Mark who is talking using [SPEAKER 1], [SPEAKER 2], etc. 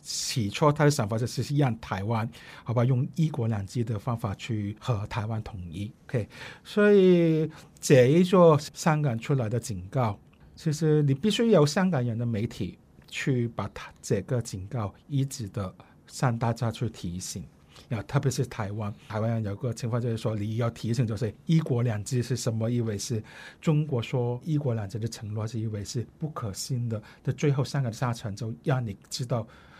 [SPEAKER 1] 起初他的想法就是讓台灣，好吧？用一國兩制的方法去和台灣統一。OK，所以這一座香港出來的警告，其實你必須由香港人的媒體去把它這個警告一直的向大家去提醒。然後特別是台灣，台灣人有個情況就是說你要提醒就是一國兩制是什麼？意味是？是中國說一國兩制的承諾是意味是不可信的。的最後香港的下場就讓你知道。